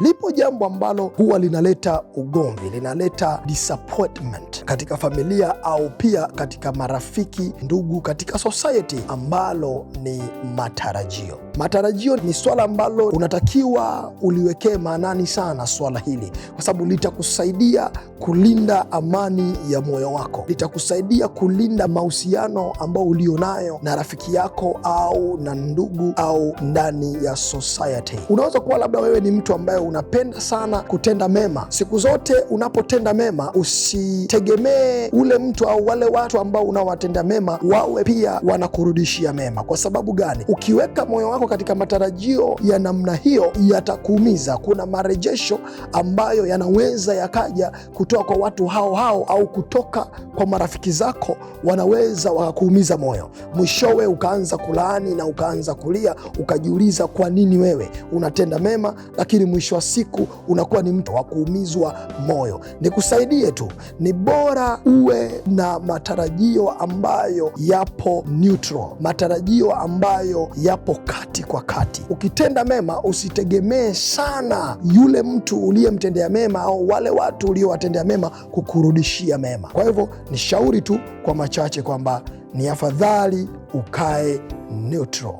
Lipo jambo ambalo huwa linaleta ugomvi, linaleta disappointment katika familia au pia katika marafiki, ndugu, katika society ambalo ni matarajio. Matarajio ni swala ambalo unatakiwa uliwekee maanani sana swala hili, kwa sababu litakusaidia kulinda amani ya moyo wako, litakusaidia kulinda mahusiano ambayo ulionayo na rafiki yako au na ndugu au ndani ya society. Unaweza kuwa labda wewe ni mtu ambaye unapenda sana kutenda mema. Siku zote unapotenda mema, usitegemee ule mtu au wale watu ambao unawatenda mema wawe pia wanakurudishia mema. Kwa sababu gani? Ukiweka moyo wako katika matarajio ya namna hiyo yatakuumiza. Kuna marejesho ambayo yanaweza yakaja kutoka kwa watu hao hao au kutoka kwa marafiki zako, wanaweza wakakuumiza moyo, mwishowe ukaanza kulaani na ukaanza kulia, ukajiuliza kwa nini wewe unatenda mema, lakini mwisho wa siku unakuwa ni mtu wa kuumizwa moyo. Nikusaidie tu, ni bora uwe na matarajio ambayo yapo neutral, matarajio ambayo yapo kati kati kwa kati. Ukitenda mema usitegemee sana yule mtu uliyemtendea mema au wale watu uliowatendea mema kukurudishia mema. Kwa hivyo ni shauri tu kwa machache kwamba ni afadhali ukae neutral,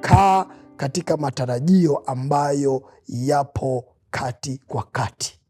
kaa katika matarajio ambayo yapo kati kwa kati.